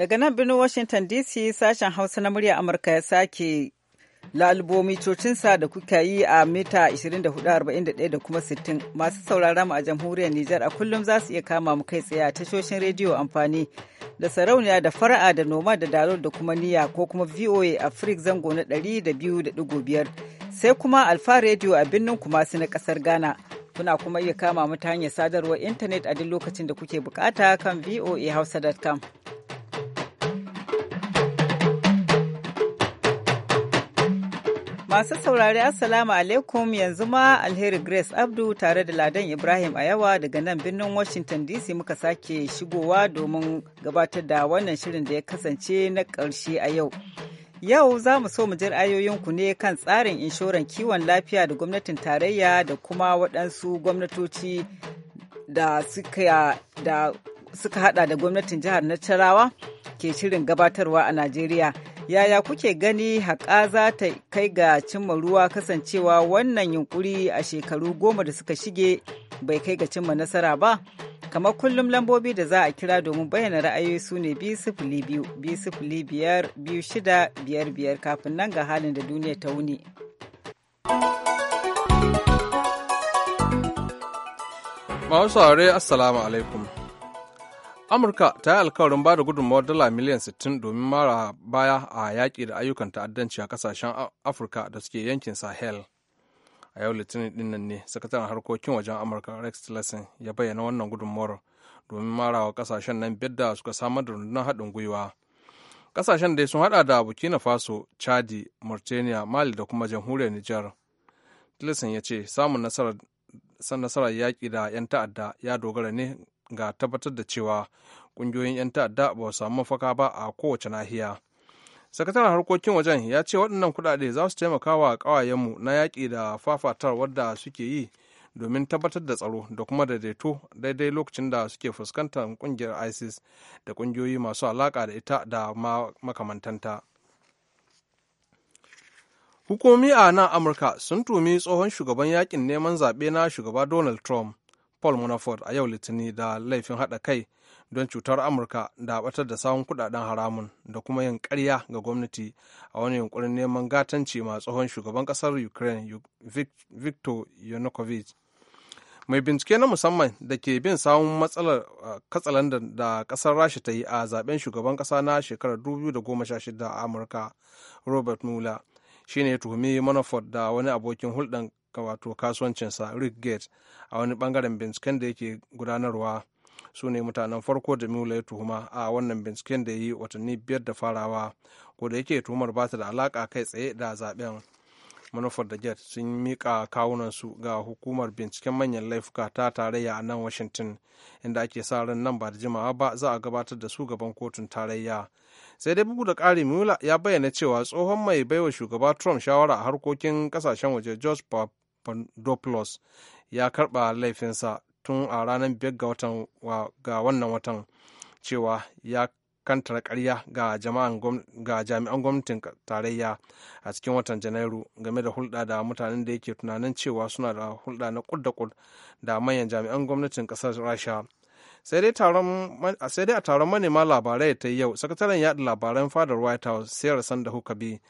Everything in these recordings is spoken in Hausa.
Daga nan birnin Washington DC sashen Hausa na murya Amurka ya sake lalubo mitocinsa da kuka yi a mita 24,41 da kuma 60 masu sauraron mu a jamhuriyar Nijar a kullum za su iya kama mu kai tsaye a tashoshin rediyo amfani da sarauniya da fara'a da noma da dalol da kuma niya ko kuma VOA Africa zango na 200.5 sai kuma Alfa rediyo a birnin Kumasi na kasar Ghana. Kuna kuma iya kama mu ta hanyar sadarwar intanet a duk lokacin da kuke bukata kan voahausa.com. Masu saurari Assalamu alaikum yanzu ma Alheri Grace Abdu tare da Ladan Ibrahim a yawa daga nan birnin Washington DC muka sake shigowa domin gabatar da wannan shirin da ya kasance na karshe a yau. Yau za mu so mu ji ra'ayoyinku ne kan tsarin inshoran kiwon lafiya da gwamnatin tarayya da kuma waɗansu gwamnatoci da suka da hada da gwamnatin jihar Nasarawa ke shirin gabatarwa a Najeriya. Yaya kuke gani haƙa za ta kai ga cimma ruwa kasancewa wannan yunkuri a shekaru goma da suka shige bai kai ga cimma nasara ba? Kamar kullum lambobi da za a kira domin bayyana ra'ayoyi su ne biyu shida biyar biyar kafin nan ga halin da duniya ta wuni. Masu aure Assalamu alaikum. amurka ta yi alkawarin ba da gudunmawar dala miliyan 60 domin mara baya a yaƙi da ayyukan ta'addanci a ƙasashen afirka da suke yankin sahel a yau litinin dinnan ne sakataren harkokin wajen amurka rex tillerson ya bayyana wannan gudunmawar domin wa kasashen nan biyar da suka samar da rundunar haɗin gwiwa ƙasashen dai sun haɗa da burkina faso chadi mauritania mali da kuma jamhuriyar nijar tillerson ya ce samun nasarar yaƙi da 'yan ta'adda ya dogara ne ga tabbatar da cewa kungiyoyin 'yan ta'adda ba su samu mafaka ba a kowace nahiya sakataren harkokin wajen ya ce waɗannan kuɗaɗe za su taimaka wa ƙawayenmu na yaƙi da fafatar wadda suke yi domin tabbatar da tsaro da kuma daidaito daidai lokacin da suke fuskantar ƙungiyar isis da ƙungiyoyi masu alaƙa da ita da makamantanta hukumomi a nan amurka sun tumi tsohon shugaban yakin neman zaɓe na shugaba donald trump paul manafort a yau litinin da laifin hada kai don cutar amurka da batar da sawun kudaden haramun da kuma yin karya ga gwamnati a wani yunkurin neman gatanci ma tsohon shugaban kasar ukraine victor yanukovych mai bincike na musamman da ke bin sawun matsalar uh, katsalan da kasar rasha ta yi a zaben shugaban kasa na shekarar 2016 a amurka robert mueller shine ya tuhumi manafort da wani abokin hulɗan wato kasuwancinsa rick gate a wani bangaren binciken da yake gudanarwa su ne mutanen farko da mula ya tuhuma a wannan binciken da ya yi watanni biyar da farawa ko da yake tuhumar ba ta da alaka kai tsaye da zaben manufar da gate sun mika kawunansu ga hukumar binciken manyan laifuka ta tarayya a nan washington inda ake sa ran nan ba da jimawa ba za a gabatar da su gaban kotun tarayya sai dai bugu da ƙari mula ya bayyana cewa tsohon mai baiwa shugaba trump shawara a harkokin kasashen waje george papadopoulos ya karba laifinsa tun a ranar biyar ga watan ga wannan watan cewa ya kantar karya ga jami'an gwamnatin tarayya a cikin watan janairu game da hulɗa da mutanen da yake tunanin cewa suna da hulɗa na kud da kud da manyan jami'an gwamnatin ƙasar rasha sai dai a taron manema labarai ta yau sakataren yaɗa labaran fadar white house sarah sanda hukabi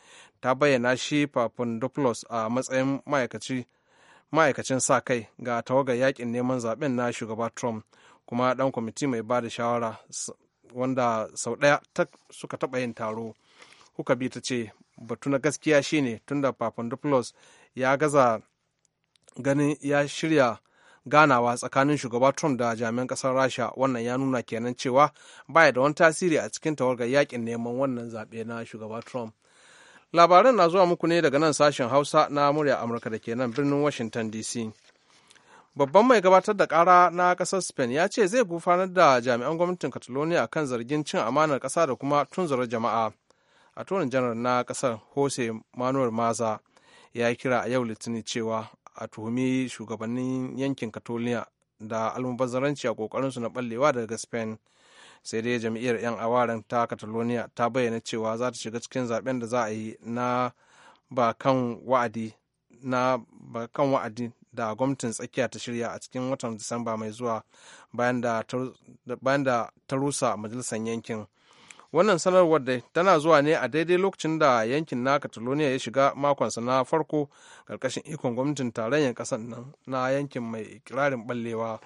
ta bayyana shi papandopoulos a matsayin ma'aikaci ma'aikacin sa kai ga tawagar yakin neman zaben na shugaba trump kuma dan kwamiti mai ba da shawara wanda sau ɗaya suka taɓa yin taro bi ta ce batu na gaskiya shine tunda papandopoulos ya gaza ganin ya shirya ganawa tsakanin shugaba trump da jami'an kasar rasha wannan ya nuna kenan cewa baya da wani tasiri a cikin tawagar yakin neman wannan zaɓe na shugaba trump labaran na zuwa muku ne daga nan sashen hausa na murya amurka da ke nan birnin washington dc babban mai gabatar da kara na kasar spain ya ce zai gufanar da jami'an gwamnatin catalonia kan zargin cin amanar kasa da kuma tunzura jama'a a tonin janar na kasar jose manuel maza ya kira a yau litinin cewa a tuhumi shugabannin yankin catalonia da almubazzaranci a kokarinsu na ballewa daga spain sai dai jam'iyyar 'yan awarin ta catalonia ta bayyana cewa za ta shiga cikin zaben da za a yi na ba kan wa'adi da gwamnatin tsakiya ta shirya a cikin watan disamba mai zuwa bayan da ta rusa majalisar yankin wannan sanarwar dai tana zuwa ne a daidai lokacin da yankin na catalonia ya shiga makonsa na farko karkashin ikon gwamnatin tarayyar ƙasar nan na yankin mai ikirarin ballewa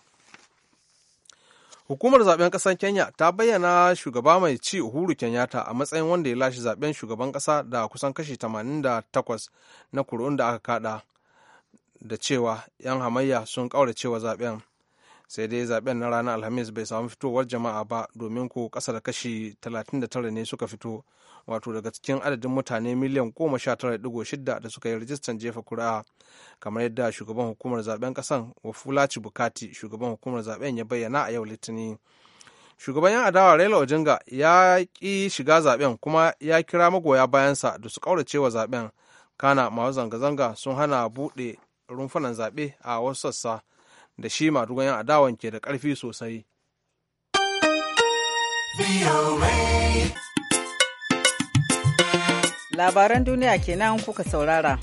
Hukumar zaben ƙasar Kenya ta bayyana shugaba mai ci Uhuru Kenyatta a matsayin wanda ya lashe zaben shugaban ƙasa da kusan kashi 88 na kuri'un da aka kada da cewa 'yan hamayya sun ƙauracewa zaben. sai dai zaben na ranar alhamis bai samu fitowar jama'a ba domin ko kasa da kashi 39 ne suka fito wato daga cikin adadin mutane miliyan 19.6 da suka yi rajistan jefa kuri'a kamar yadda shugaban hukumar zaben kasan wafulaci bukati shugaban hukumar zaben ya bayyana a yau litinin shugaban yan adawa raila odinga ya ki shiga zaben kuma ya kira magoya bayansa da su ƙauracewa zaben kana masu zanga-zanga sun hana buɗe rumfunan zaɓe a wasu sassa da shi madugan yan adawan ke da ƙarfi sosai. Labaran duniya kenan kuka saurara.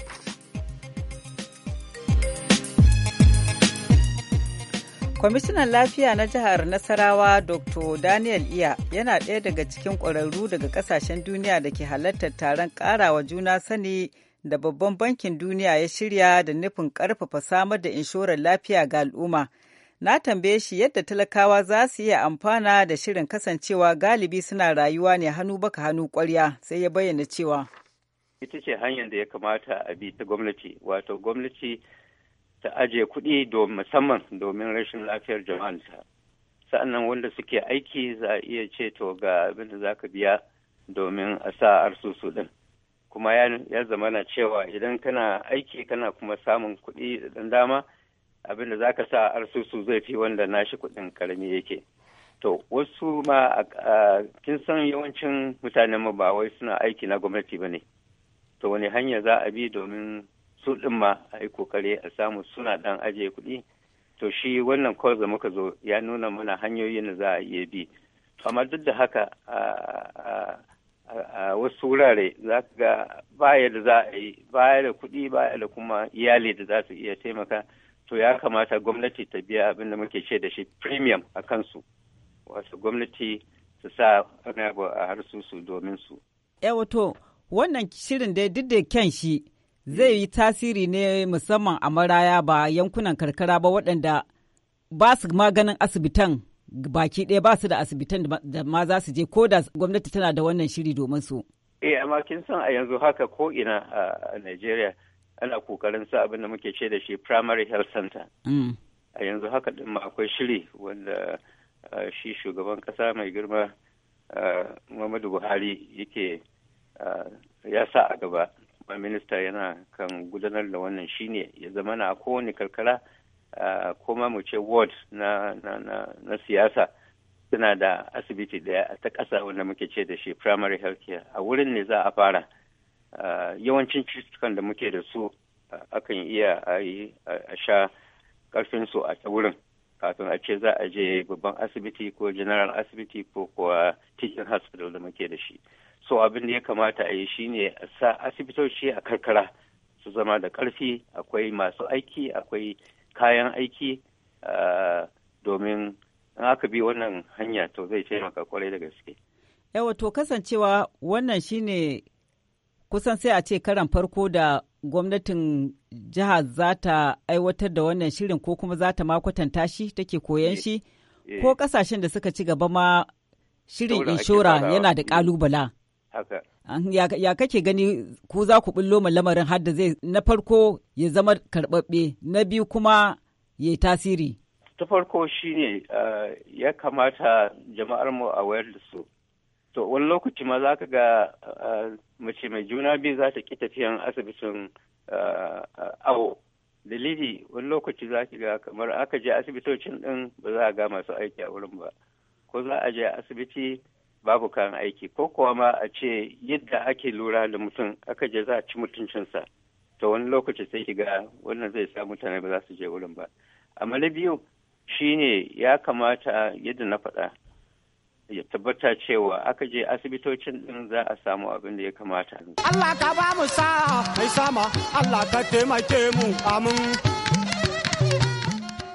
kwamishinan lafiya na jihar nasarawa dr daniel iya yana ɗaya daga cikin ƙwararru daga ƙasashen duniya da ke halartar taron ƙarawa juna sani da Babban Bankin Duniya ya shirya da nufin karfafa samar da inshorar lafiya ga al'umma. Na tambaye shi yadda talakawa za su iya amfana da shirin kasancewa galibi suna rayuwa ne hannu baka hannu kwarya sai ya bayyana cewa. Ita ce hanyar da ya kamata a bi ta gwamnati, wato gwamnati ta ajiye kuɗi musamman domin rashin lafiyar jama'ansa. Sa'annan wanda suke aiki za a iya ce to ga abin da za ka biya domin a sa arsusu ɗin. kuma ya zamana cewa idan kana aiki kana kuma samun kuɗi da dama abin da ka sa arsusu zai fi wanda nashi kuɗin karami yake to wasu ma kin san yawancin mutanen mu ba wai suna aiki na gwamnati ba ne to wani hanya za a bi domin su ɗin ma a yi kokare a samu suna ɗan ajiye kuɗi to shi wannan kawai da muka zo ya nuna mana hanyoyin da za a iya bi amma duk da haka a wasu wurare za ka ga baya da za a yi baya da kuɗi baya da kuma iyali da za su iya taimaka to ya kamata gwamnati ta biya abin da muke ce da shi premium a kansu wasu gwamnati su sa wani abu a harsu domin su. Eh, wato wannan shirin dai duk da kyan shi zai yi tasiri ne musamman a maraya ba yankunan karkara ba waɗanda ba su maganin asibitan baki ɗaya ba su da asibitan da ma za su je ko da gwamnati tana da wannan shiri domin su. Eh amma kin san a yanzu haka ko ina a Najeriya ana kokarin sa abin da muke ce da shi primary health center. Mm. A yanzu haka din ma akwai shiri wanda shi shugaban kasa mai girma Muhammadu Buhari yake ya sa a gaba. Minista yana kan gudanar da wannan shine ya zama na kowane karkara kuma mu ce ward na, siyasa suna da asibiti daya ta ƙasa wanda muke ce da shi primary health care a wurin ne za a fara yawancin cikin da muke da su akan iya a yi a sha ƙarfin su a wurin kafin a ce za a je babban asibiti ko general asibiti ko kuwa teaching hospital da muke da shi so abin da ya kamata a yi shine a sa asibitoci a karkara su zama da ƙarfi akwai masu aiki akwai kayan aiki eh, domin in aka bi wannan hanya to zai taimaka kwarai da gaske. Yawa to kasancewa wannan shine kusan sai a ce karan farko da gwamnatin jiha za ta aiwatar da wannan shirin ko kuma za ta makwatanta shi take koyan shi eh, eh. ko kasashen da suka ci gaba ma shirin inshora yana da kalubala. haka ya kake gani ku za ku bullo ma lamarin har zai na farko ya zama karɓaɓɓe na biyu kuma ya tasiri ta farko shi shine eh, ya kamata jama'ar mu a wayar da su to wani lokaci ma za ka ga eh, mace mai juna biyu za ta ki tafiyan asibitin eh, awo dalili wani lokaci za ki ga kamar aka je asibitocin din ba za a ga masu aiki a wurin ba ko za a je asibiti babu kayan aiki ko kuwa ma a ce yadda ake lura da mutum aka je za a ci mutuncinsa ta wani lokaci sai ki ga wannan zai sa mutane ba za su je wurin ba amma na biyu ne ya kamata yadda na faɗa ya tabbata cewa aka je asibitocin din za a samu abin da ya kamata. Allah ka ba mu sa mai sama Allah ka taimake mu amin.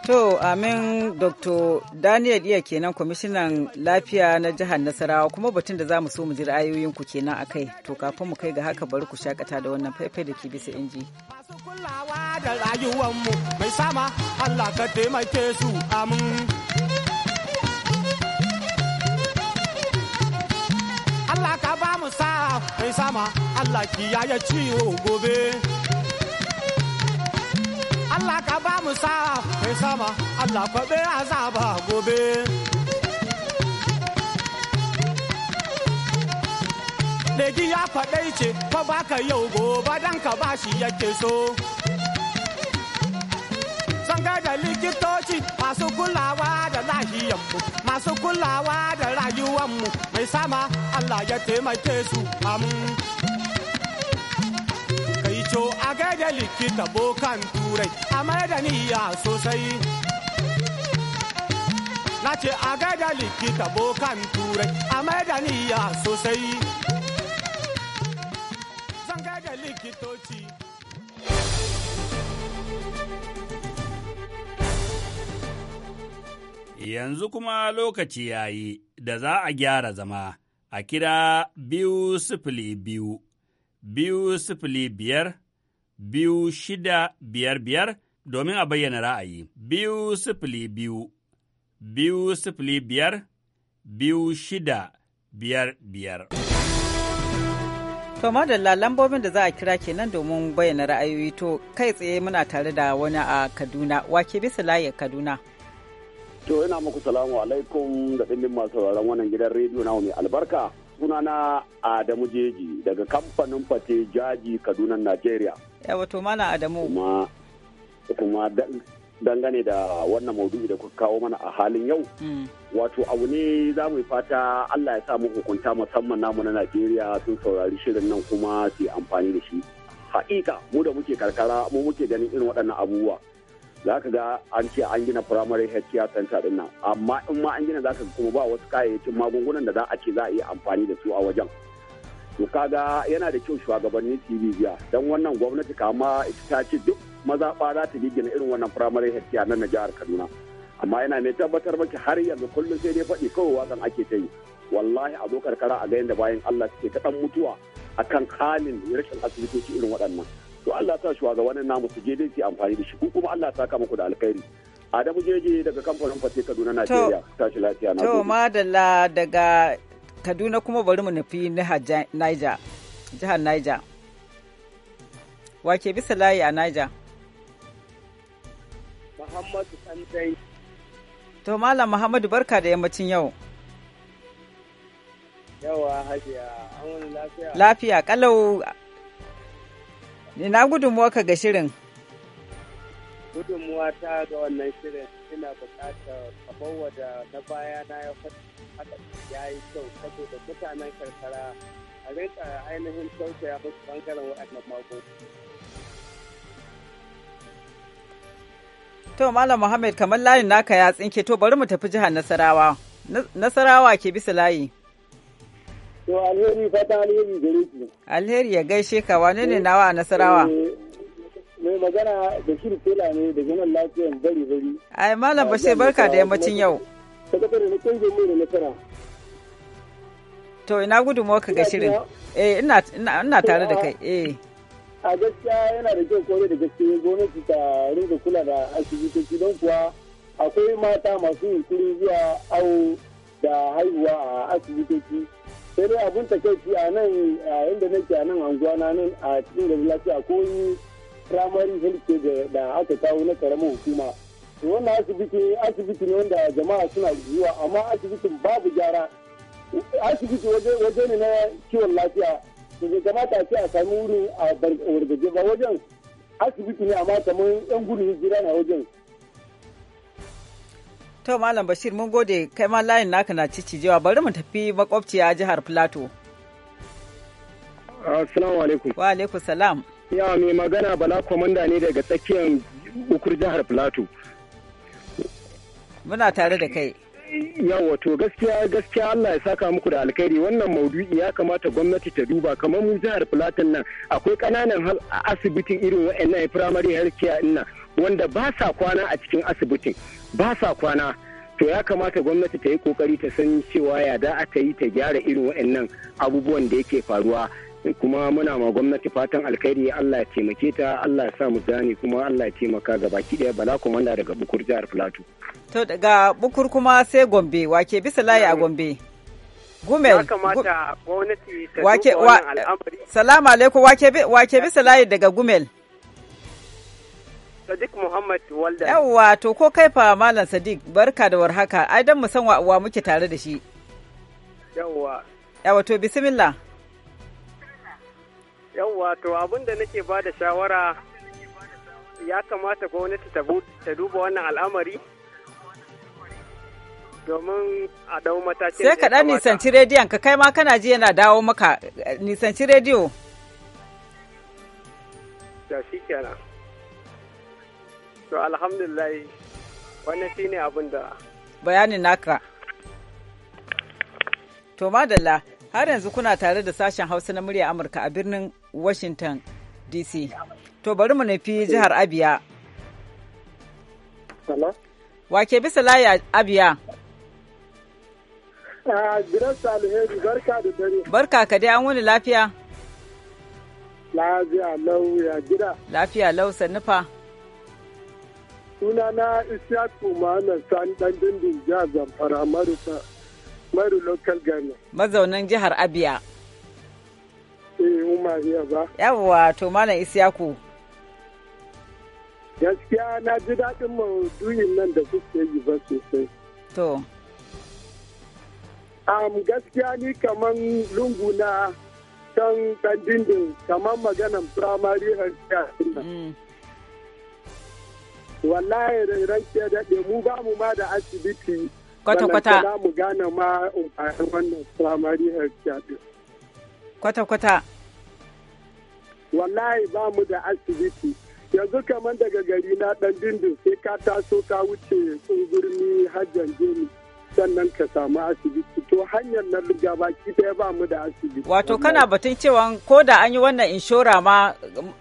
To, amin Dr. Daniel Iya kenan kwamishinan lafiya na jihar Nasarawa kuma batun da za mu so mu ji ra'ayoyinku kenan akai. To, kafin mu kai ga haka bari ku shakata da wannan faifai da ke bisa inji. Masu kulawa da rayuwanmu mai sama Allah ka taimake su amin. Allah ka ba mu sa mai sama Allah kiyaye ciwo gobe. Allah ka ba mu sa'a mai sama Allah kwaɓe azaba gobe. Legi ya faɗai ce fa baka yau gobe dan ka ba shi yake so. Sanga da likitoci masu kulawa da lahiyanmu masu kulawa da rayuwanmu mai sama Allah ya taimake su amin. to a gaida likita bokan turai a mai da niyya sosai na ce a gaida likita bokan turai a mai da niyya sosai zan gaida likitoci yanzu kuma lokaci yayi da za a gyara zama a kira biyu sifili biyu biyu sifili biyar biyu shida biyar biyar domin a bayyana ra'ayi biyu sifili biyu biyu sifili biyar biyu shida biyar biyar. To madalla lambobin da za a kira kenan domin bayyana ra'ayoyi to kai tsaye muna tare da wani a Kaduna wake bisa layi Kaduna. To ina muku salamu alaikum da ɗimbin masu wannan gidan rediyo na mai albarka. sunana Adamu Jeji daga kamfanin fate jaji Kaduna Najeriya. wato mana Adamu. Kuma, dangane da wannan maudu'i da kuka kawo mana a halin yau. Hmm. Wato abu ne za mu yi fata Allah ya sa mu hukunta musamman namu na Najeriya sun saurari shirin nan kuma su amfani da shi. Haƙiƙa mu da muke karkara mu muke ganin irin waɗannan abubuwa. za ka ga an ce an gina primary health care center din nan amma in ma an gina za ka kuma ba wasu kayayyakin magungunan da za a ce za a yi amfani da su a wajen to kaga yana da kyau shugabanni su yi biya don wannan gwamnati kama ita ta ce duk mazaɓa za ta gina irin wannan primary health care na jihar kaduna amma yana mai tabbatar maki har yanzu kullum sai dai faɗi kawai wasan ake ta yi wallahi a zo karkara a ga yadda bayan allah suke ta ɗan mutuwa akan halin rashin asibitoci irin waɗannan to Allah sa shugabannin namu su je dai su amfani da shi ko kuma Allah kama ku da alkhairi Adamu Jeje daga kamfanin Fate Kaduna Najeriya tashi lafiya na To madalla daga Kaduna kuma bari mu nufi Niger jihar Niger Wake bisa layi a Niger Muhammadu Sanjay To Malam Muhammadu barka da yammacin yau Yawa hajiya an wani lafiya Lafiya kalau Ina ka ga shirin? Gudunmuwa ta ga wannan shirin ina buƙatar abubuwa da na baya na ya haka ya yi kyau saboda mutanen karkara a rinka ainihin ya musu bangaren waɗannan magunguna. To Malam Muhammad kamar layin naka ya tsinke to bari mu tafi jihar Nasarawa. Nasarawa ke bisa layi. To alheri fata alheri gare ki. Alheri ya gaishe ka wane ne nawa a Nasarawa? Eh, mai magana da Bashir Tela ne da zaman lafiyan bari bari. Ai malam Bashir barka da yammacin yau. Sakatar da kungiyar jami da nasara. To ina gudu ka ga shirin. Eh ina tare da kai. Eh. A gaskiya yana da kyau kore da gaske gwamnati ta rinka kula da asibitoci don kuwa akwai mata masu yunkuri zuwa awo da haihuwa a asibitoci sai dai abun takaici a nan a inda nake a nan anguwa na nan a cikin da lafiya ko yi primary health da aka kawo na karamin hukuma to wannan asibiti asibiti ne wanda jama'a suna zuwa amma asibitin babu gyara asibiti waje ne na kiwon lafiya to bai kamata a ce a sami wuri a wargaje ba wajen asibiti ne amma kamar yan gudun hijira na wajen To Malam Bashir mun gode kai ma layin naka na cicijewa bari mu tafi makwabciya jihar Plateau. Assalamu alaikum. Wa alaikum salam. Ya mai magana Bala Komanda ne daga tsakiyar ukur jihar Plateau. Muna tare da kai. Yawa to gaskiya gaskiya Allah ya saka muku da alkhairi wannan maudu'i ya kamata gwamnati ta duba kamar mu jihar Plateau nan akwai ƙananan asibitin irin wa'annan primary health care nan wanda ba sa kwana a cikin asibitin ba sa kwana to ya kamata gwamnati ta yi kokari ta san cewa ya da aka yi ta gyara irin waɗannan abubuwan da yake faruwa kuma muna ma gwamnati fatan alkhairi Allah ya taimake ta Allah ya sa mu gane kuma Allah ya taimaka ga baki daya bala komanda daga bukur jihar Plateau to daga bukur kuma sai Gombe wake bisa layi a Gombe Gumel ya kamata gwamnati ta wake salamu alaikum wake wake bisa layi daga Gumel Sadiq Muhammad Walda. Yawwa to ko kai fa Malam Sadiq barka da warhaka. Ai dan mu san wa muke tare da shi. Yawwa. Yawwa to bismillah. Yawwa to abinda da nake ba da shawara ya kamata gwamnati ta duba wannan al'amari domin a dau matakin sai ka dan nisanci rediyon ka kai ma kana ji yana dawo maka nisanci rediyo shi kenan To alhamdulillah wannan shi ne abin da. Bayanin naka. To madalla har yanzu kuna tare da sashen Hausa na murya Amurka a birnin Washington DC. To bari mu nufi jihar Abia. Wake bisa layi Abia. Ah, barka Barka ka dai an wani lafiya? Lafiya lau ya gida. Lafiya lau sannufa. suna na isyaku na sani dan dindin jihar zamfara marufa maru local government mazaunan jihar abia eh umar ba yawwa to malam isyaku gaskiya na ji daɗin maudu'in nan da suke yi ba sosai to am gaskiya ni kaman lungu na can dan dindin kaman maganan firamare health care mm. wallahi ranke daɗe mu ba mu ma da asibiti kwata-kwata za mu gane ma umfanin wannan primary health care kwata-kwata wallahi ba mu da asibiti yanzu kamar daga gari na dan dindin sai ka taso ka wuce tsungurmi hajjan jini sannan ka samu asibiti to hanyar na riga baki daya ba mu da asibiti wato kana batun cewa ko da an yi wannan inshora ma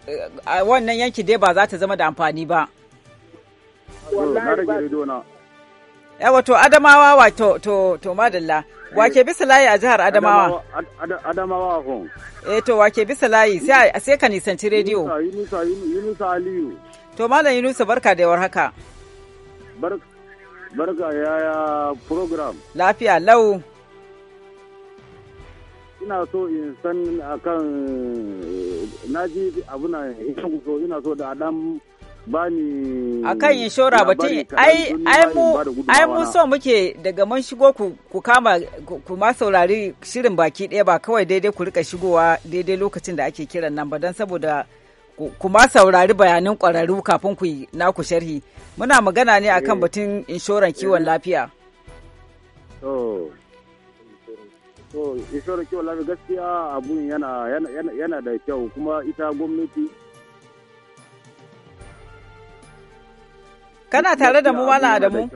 eh, wannan yanki dai ba za ta zama da amfani ba Ya wato adamawa wa to to madalla eh. wake bisa layi a jihar adamawa adamawa kun eh to wake bisa layi sai sai ka nisanci rediyo yunusa yunusa aliyu to malam yunusa barka da war haka barka yaya program lafiya lau ina so in san akan eh, naji abuna eh, ina so da adam bani akan inshora batun ai ai mu ai mu so muke daga man shigo ku ku kama ku ma saurari shirin baki ɗaya ba kawai daidai ku rika shigowa daidai lokacin da ake kiran nan ba don saboda ku ma saurari bayanin kwararru kafin ku na ku sharhi muna magana ne akan eh. batun inshoran kiwon eh. lafiya to inshoran kiwon lafiya gaskiya abun yana da kyau kuma ita gwamnati Kana tare da mu mana da mu?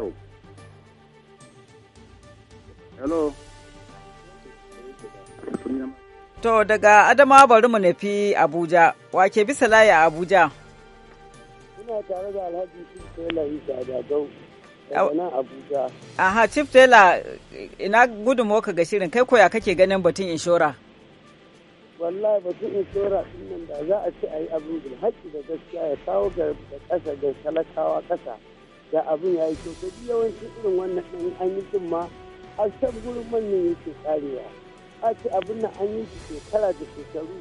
To daga Adama bari mu nufi Abuja, wake bisa layi a Abuja. Ina tare da Alhaji Chief Taylor Isa Jagau, nan Abuja. Aha, Chief Taylor, ina gudunmu ka ga shirin, kai koya kake ganin batun inshora? wallahi batun tsora din nan da za a ce a yi abin da, haƙƙi da gaskiya ya kawo ga ƙasa da talakawa ƙasa da abin ya yi kyau da yawancin irin wannan ɗan an yi ɗin ma a can gurin manyan yake karewa a ce abin nan an yi shi shekara da shekaru.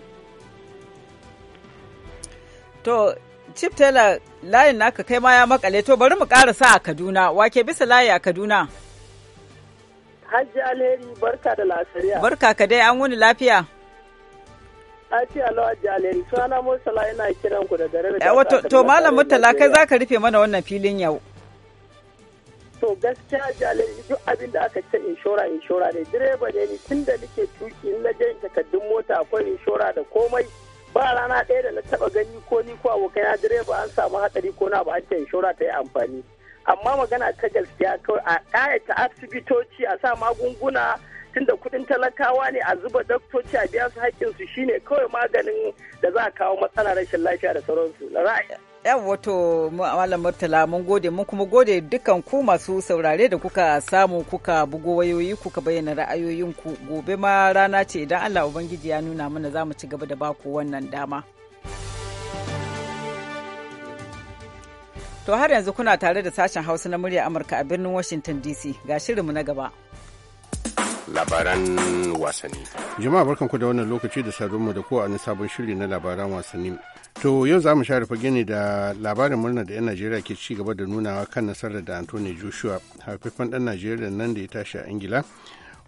To Chief Taylor layin naka kai ma ya makale to bari mu karasa a Kaduna wake bisa layi a Kaduna. Hajji Alheri barka da lasariya. Barka ka dai an wuni lafiya. a lawa jalin suna Murtala yana kiran ku da da eh, Wato to Malam Murtala kai zaka rufe mana wannan filin yau. To gaskiya jalin duk abin da aka ce inshora inshora ne direba ne ni tun da nake tuki in na je takaddun mota akwai inshora da komai ba rana ɗaya da na taɓa gani ko ni ko abokai na direba an samu hatsari ko na ba an ce inshora ta yi amfani. Amma magana ta gaskiya kawai a ƙayata asibitoci a sa magunguna tunda kudin talakawa ne a zuba daktoci a biya su su shine kawai maganin da za a kawo matsalar rashin lafiya da sauransu na ra'ayi yan wato malam murtala mun gode mun kuma gode dukkan ku masu saurare da kuka samu kuka bugo wayoyi kuka bayyana ra'ayoyin ku gobe ma rana ce idan allah ubangiji ya nuna mana za mu ci gaba da baku wannan dama to har yanzu kuna tare da sashen hausa na murya amurka a birnin washington dc ga shirinmu na gaba labaran wasanni. Jama'a barkanku da wannan lokaci da sadonmu da kowa na sabon shiri na labaran wasanni. To yau za mu share fage ne da labarin murna da 'yan Najeriya ke ci gaba da nunawa kan nasarar da Anthony Joshua haifafan ɗan Najeriya nan da ya tashi a Ingila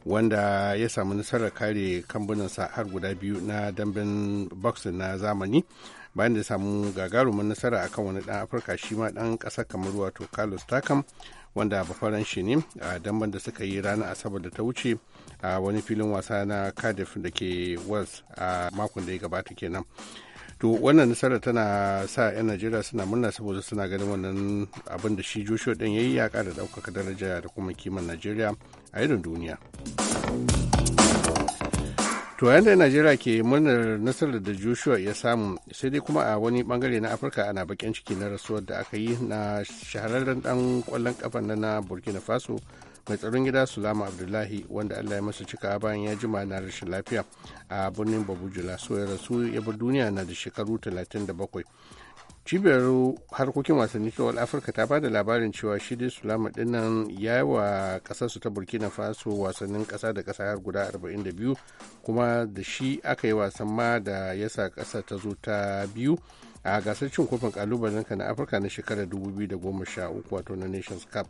wanda ya samu nasarar kare kambunansa har guda biyu na damben boxing na zamani bayan da ya samu gagarumin nasara akan wani dan Afirka shi ma dan ƙasar kamar wato Carlos Takam wanda bafaran shi ne a damban da suka yi ranar asabar da ta wuce a wani filin wasa na cardiff da ke wales a makon da ya gabata kenan to wannan nasara tana sa 'yan najeriya suna murna saboda suna ganin wannan abin da shi joshua ɗin ya yi ya ƙara ɗaukaka daraja da kuma kiman najeriya a irin duniya. to yayin da najeriya ke murnar nasarar da joshua ya samu sai dai kuma a wani bangare na afirka ana bakin ciki na rasuwar da aka yi na shahararren dan kwallon kafa na burkina faso mai tsaron gida sulama abdullahi wanda allah ya masa cika bayan ya jima na rashin lafiya a birnin babujula so ya rasu ya bar duniya na da shekaru 37 cibiyar harkokin wasanni ta afirka ta bada labarin cewa shi dai sulama dinnan ya yi wa kasarsu ta burkina faso wasannin kasa da kasa har guda 42 kuma da shi aka yi wasan ma da ya sa kasa ta zo ta biyu a gasar cin kofin kalubalen na afirka na shekarar 2013 wato na nations cup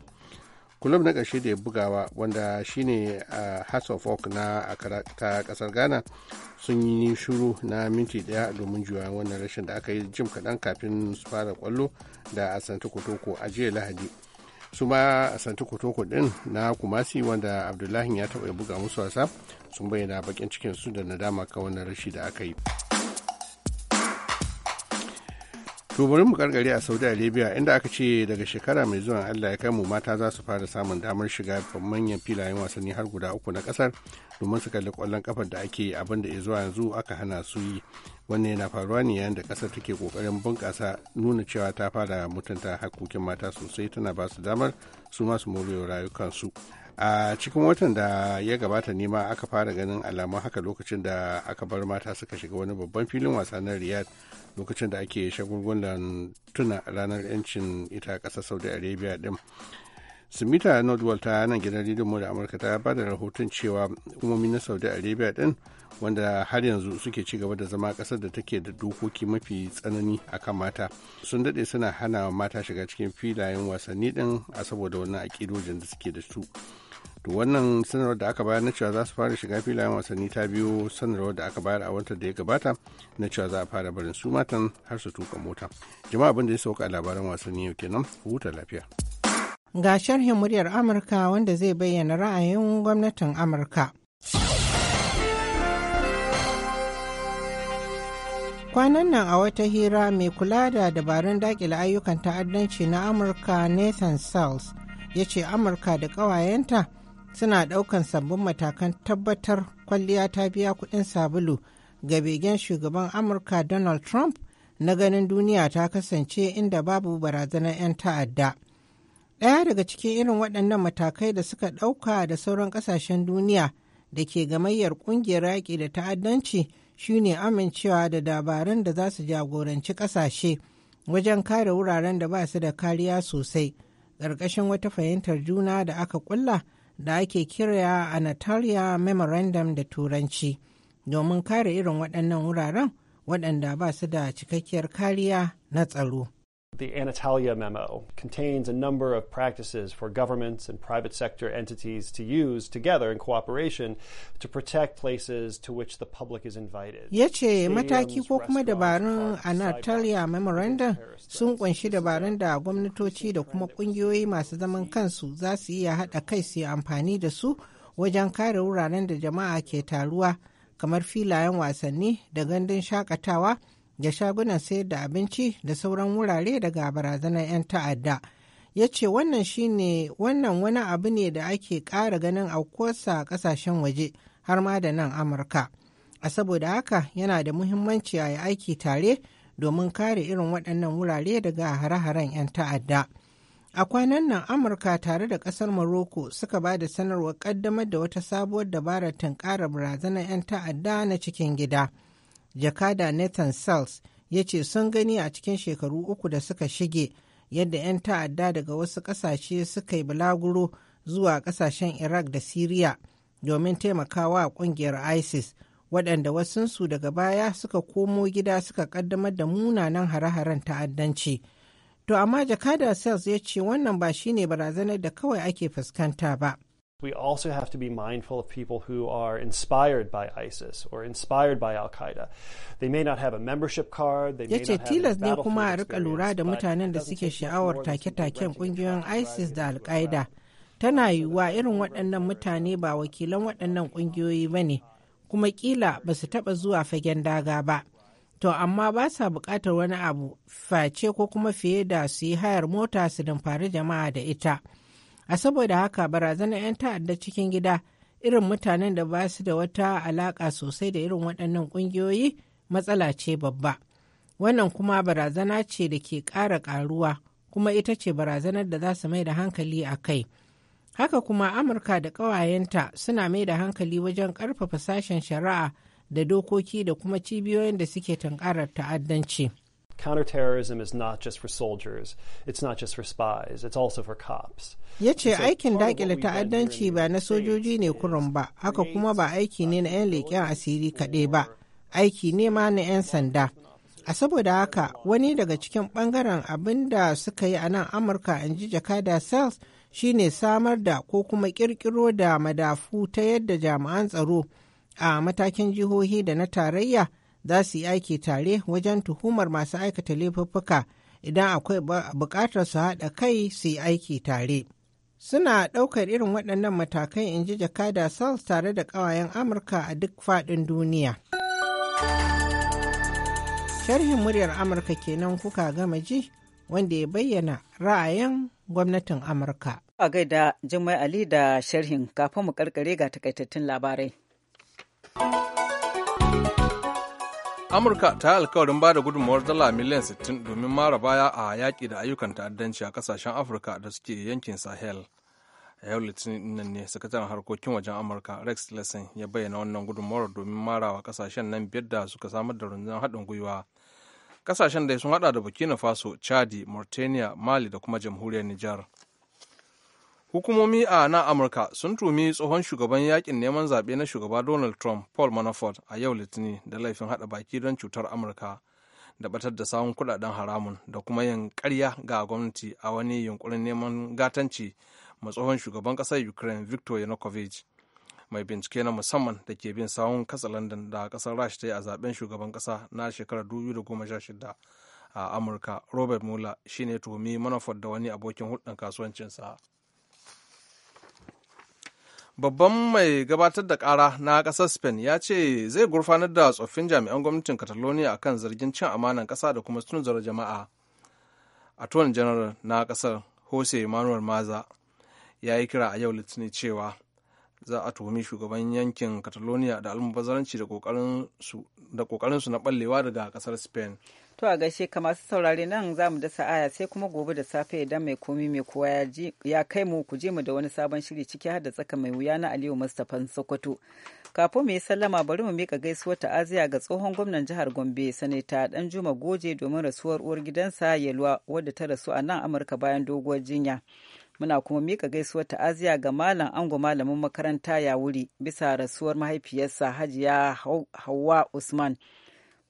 kulub na ƙarshe da ya bugawa wanda shine a uh, house of oak na ta ƙasar ghana sun yi shuru na minti daya domin juya wannan rashin da aka yi jim kaɗan kafin su fara kwallo da santa kotoko a jiya lahadi su ma santa kotoko din na kumasi wanda abdullahi ya taɓa buga musu wasa sun bayyana bakin cikin su da nadama ka wannan rashi da aka yi to mu a saudi arabia inda aka ce daga shekara mai zuwa allah ya kai mu mata za su fara samun damar shiga manyan filayen wasanni har guda uku na kasar domin su kalli kwallon kafar da ake abin da zuwa yanzu aka hana su yi wannan yana faruwa ne yayin da kasar take kokarin bunƙasa nuna cewa ta fara mutunta hakokin mata sosai tana ba su damar su masu morewa rayukansu a cikin watan da ya gabata ne ma aka fara ganin alamun haka lokacin da aka bar mata suka shiga wani babban filin wasa na riyadh lokacin da ake shagulgulan tuna ranar 'yancin ita ƙasar saudi arabia din Sumita Nordwall ta nan gidan rediyon da Amurka ta ba da rahoton cewa hukumomi na Saudi Arabia din wanda har yanzu suke ci gaba da zama kasar da take da dokoki mafi tsanani a kan mata sun dade suna hana mata shiga cikin filayen wasanni din a saboda wannan akidojin da suke da su. To wannan sanarwar da aka bayar na cewa za su fara shiga filayen wasanni ta biyo sanarwar da aka bayar a watan da ya gabata na cewa za a fara barin su matan har su tuka mota. Jama'a abin da ya sauka labaran wasanni yau kenan huta lafiya. Ga sharhin muryar Amurka wanda zai bayyana ra'ayin gwamnatin Amurka. Kwanan nan a wata hira mai kula da dabarun dakile ayyukan ta'addanci na Amurka Nathan Sells ya ce Amurka da ƙawayenta suna ɗaukan sabbin matakan tabbatar kwalliya ta biya kuɗin sabulu ga begen shugaban Amurka Donald Trump na ganin duniya ta kasance inda babu barazanar 'yan ta'adda. Ɗaya daga cikin irin waɗannan matakai da suka ɗauka da sauran ƙasashen duniya da ke gamayyar ƙungiyar yaƙi da ta'addanci shine amincewa da dabarun da za su jagoranci ƙasashe wajen kare wuraren da ba su da kariya sosai ƙarƙashin wata fahimtar juna da aka ƙulla da ake kira Natalia Memorandum da Turanci domin kare irin waɗannan wuraren waɗanda ba su da cikakkiyar kariya na tsaro. The Anatolia Memo contains a number of practices for governments and private sector entities to use together in cooperation to protect places to which the public is invited. Ya ce mataki ko kuma dabarun Anatolia Memoranda. sun kunshi dabarun da gwamnatoci da kuma kungiyoyi masu zaman kansu za su iya haɗa kai su amfani da su wajen kare wuraren da jama'a ke taruwa kamar filayen wasanni da gandun shakatawa. ga shagunan sayar da abinci da sauran wurare daga barazanar 'yan ta'adda ya ce wannan shine wannan wani abu ne da ake ƙara ganin aukuwarsa a ƙasashen waje har ma da nan amurka a saboda haka yana da muhimmanci a yi aiki tare domin kare irin waɗannan wurare daga hare-haren 'yan ta'adda a kwanan nan amurka tare da ƙasar morocco suka ba da sanarwar ƙaddamar da wata sabuwar dabarar tunkarar barazanar 'yan ta'adda na cikin gida. jakada Nathan Sells ya ce sun gani a cikin shekaru uku da suka shige yadda 'yan ta'adda daga wasu ƙasashe suka yi bulaguro zuwa ƙasashen Iraq da Siriya domin taimakawa a ƙungiyar ISIS waɗanda wasunsu daga baya suka komo gida suka ƙaddamar da munanan hare-haren ta'addanci. To amma jakada Sells ya ce wannan ba shine barazanar da kawai ake fuskanta ba. we also have to be mindful of people who are inspired by ISIS or inspired by Al Qaeda. They may not have a membership card. They may not have tilas ne kuma a rika lura da mutanen da suke sha'awar take-taken kungiyoyin ISIS da Al Qaeda. Tana yiwuwa irin waɗannan mutane ba wakilan waɗannan ƙungiyoyi ba ne, kuma ƙila ba su taɓa zuwa fagen daga ba. To amma ba sa buƙatar wani abu face ko kuma fiye da su yi hayar mota su damfari jama'a da ita. a saboda haka barazanar 'yan ta'adda cikin gida irin mutanen da ba su da wata alaƙa sosai da irin waɗannan ƙungiyoyi matsala ce babba wannan kuma barazana ce da ke ƙara ƙaruwa kuma ita ce barazanar da za su mai da hankali a kai haka kuma amurka da ƙawayenta suna mai da hankali wajen ƙarfafa sashen shari'a da dokoki da kuma cibiyoyin da suke tunkarar ta'addanci counterterrorism is not just for soldiers, it's not just for spies, it's also for cops. Ya ce aikin dakile ta'addanci ba na sojoji ne kurum ba, haka kuma ba aiki ne na 'yan leƙen asiri kaɗai ba, aiki ne ma na 'yan sanda. A saboda haka wani daga cikin ɓangaren abin da suka yi a nan Amurka in ji jakada Sales shine samar da ko kuma ƙirƙiro da madafu ta yadda jami'an tsaro a matakin jihohi da na tarayya. za su yi aiki tare wajen tuhumar masu aikata laifuffuka idan akwai buƙatar su haɗa kai su yi aiki tare. Suna ɗaukar irin waɗannan matakai in ji jakada Sals tare da ƙawayen Amurka a duk faɗin duniya. Sharhin muryar Amurka kenan kuka gama ji wanda ya bayyana ra'ayin gwamnatin Amurka. A gaida Jummai Ali da sharhin kafin mu karkare ga takaitattun labarai. amurka ta yi alkawarin ba da gudunmawar dala miliyan 60 domin mara baya a yaƙi da ayyukan ta'addanci a kasashen afirka da suke yankin sahel a yau litinin nan ne sakataren harkokin wajen amurka rex lesson ya bayyana wannan gudunmawar domin marawa kasashen nan biyar da suka samar da rundunar haɗin gwiwa kasashen da sun hada da burkina faso chadi mauritania mali da kuma jamhuriyar nijar Hukumomi a na Amurka sun tumi tsohon shugaban yakin neman zaɓe na shugaba Donald Trump, Paul Manafort, a yau Litinin da laifin haɗa baki don cutar Amurka da batar da sawun kuɗaɗen haramun da kuma yin ƙarya ga gwamnati a wani yunkurin neman gatanci ma tsohon shugaban ƙasar Ukraine victor Yanukovych. Mai bincike na musamman da ke bin sawun kasa London da ƙasar Rasha ta yi a zaben shugaban ƙasa na shekarar 2016 a Amurka, Robert Mueller shine tumi Manafort da wani abokin hulɗar kasuwancinsa. babban mai gabatar da kara na ƙasar spain ya ce zai gurfanar da tsoffin jami'an gwamnatin catalonia a kan zargin cin amanan ƙasa da kuma tunzar jama'a attorney general na ƙasar jose manuel maza ya yi kira a yau litinin cewa za a tuhumi shugaban yankin catalonia da almubazzaranci da su na ɓallewa daga ƙasar spain To a gaishe ka masu saurare nan za mu da sa'aya sai kuma gobe da safe idan mai komi mai kowa ya kai mu ku je mu da wani sabon shiri ciki har da tsaka mai wuya na Aliyu Mustapha Sokoto. Kafo mu yi sallama bari mu mika gaisuwar ta'aziya ga tsohon gwamnan jihar Gombe Sanata Danjuma Goje domin rasuwar uwar gidansa Yelwa wadda ta rasu a nan Amurka bayan doguwar jinya. Muna kuma mika gaisuwar ta'aziya ga malam ango malamin makaranta ya wuri bisa rasuwar mahaifiyarsa Hajiya Hauwa Usman.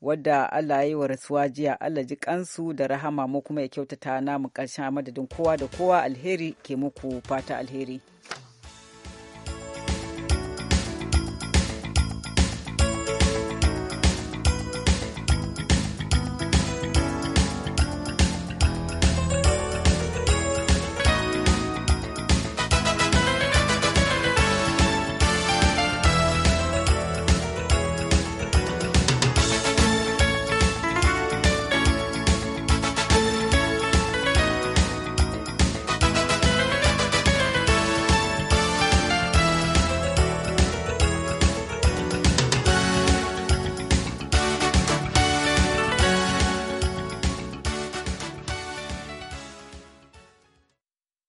wadda Allah ya yi wa rasuwa jiya Allah ji kansu da rahama mu kuma ya kyautata namu ƙarshen madadin kowa da kowa alheri ke muku fata alheri.